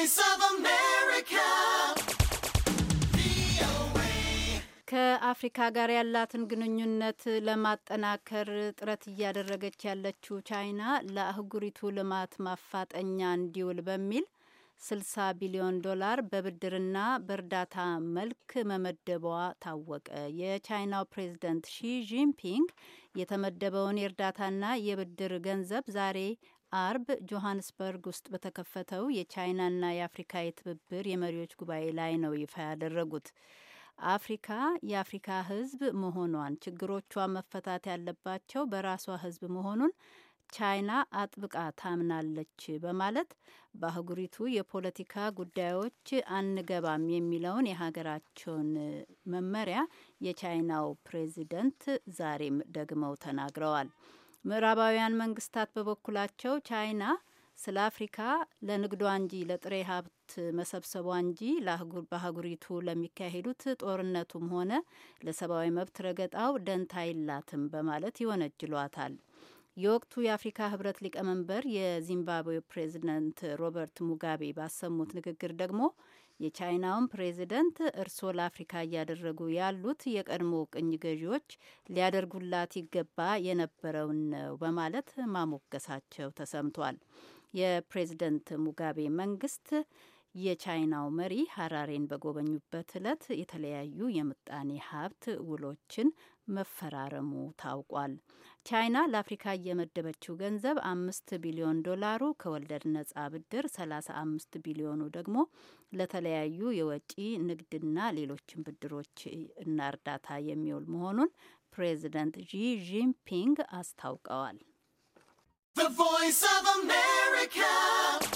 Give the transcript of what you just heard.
Voice ከአፍሪካ ጋር ያላትን ግንኙነት ለማጠናከር ጥረት እያደረገች ያለችው ቻይና ለአህጉሪቱ ልማት ማፋጠኛ እንዲውል በሚል 60 ቢሊዮን ዶላር በብድርና በእርዳታ መልክ መመደቧ ታወቀ። የቻይናው ፕሬዚደንት ሺ ጂንፒንግ የተመደበውን የእርዳታና የብድር ገንዘብ ዛሬ አርብ ጆሃንስበርግ ውስጥ በተከፈተው የቻይናና የአፍሪካ የትብብር የመሪዎች ጉባኤ ላይ ነው ይፋ ያደረጉት። አፍሪካ የአፍሪካ ሕዝብ መሆኗን ችግሮቿ መፈታት ያለባቸው በራሷ ሕዝብ መሆኑን ቻይና አጥብቃ ታምናለች በማለት በአህጉሪቱ የፖለቲካ ጉዳዮች አንገባም የሚለውን የሀገራቸውን መመሪያ የቻይናው ፕሬዚደንት ዛሬም ደግመው ተናግረዋል። ምዕራባውያን መንግስታት በበኩላቸው ቻይና ስለ አፍሪካ ለንግዷ እንጂ ለጥሬ ሀብት መሰብሰቧ እንጂ በአህጉሪቱ ለሚካሄዱት ጦርነቱም ሆነ ለሰብአዊ መብት ረገጣው ደንታ አይላትም በማለት ይወነጅሏታል። የወቅቱ የአፍሪካ ህብረት ሊቀመንበር የዚምባብዌ ፕሬዚደንት ሮበርት ሙጋቤ ባሰሙት ንግግር ደግሞ የቻይናውን ፕሬዚደንት እርስዎ ለአፍሪካ እያደረጉ ያሉት የቀድሞ ቅኝ ገዢዎች ሊያደርጉላት ይገባ የነበረውን ነው በማለት ማሞገሳቸው ተሰምቷል። የፕሬዚደንት ሙጋቤ መንግስት የቻይናው መሪ ሀራሬን በጎበኙበት ዕለት የተለያዩ የምጣኔ ሀብት ውሎችን መፈራረሙ ታውቋል። ቻይና ለአፍሪካ እየመደበችው ገንዘብ አምስት ቢሊዮን ዶላሩ ከወለድ ነጻ ብድር፣ ሰላሳ አምስት ቢሊዮኑ ደግሞ ለተለያዩ የወጪ ንግድና ሌሎችን ብድሮች እና እርዳታ የሚውል መሆኑን ፕሬዚደንት ዢ ጂንፒንግ አስታውቀዋል። ቮይስ ኦፍ አሜሪካ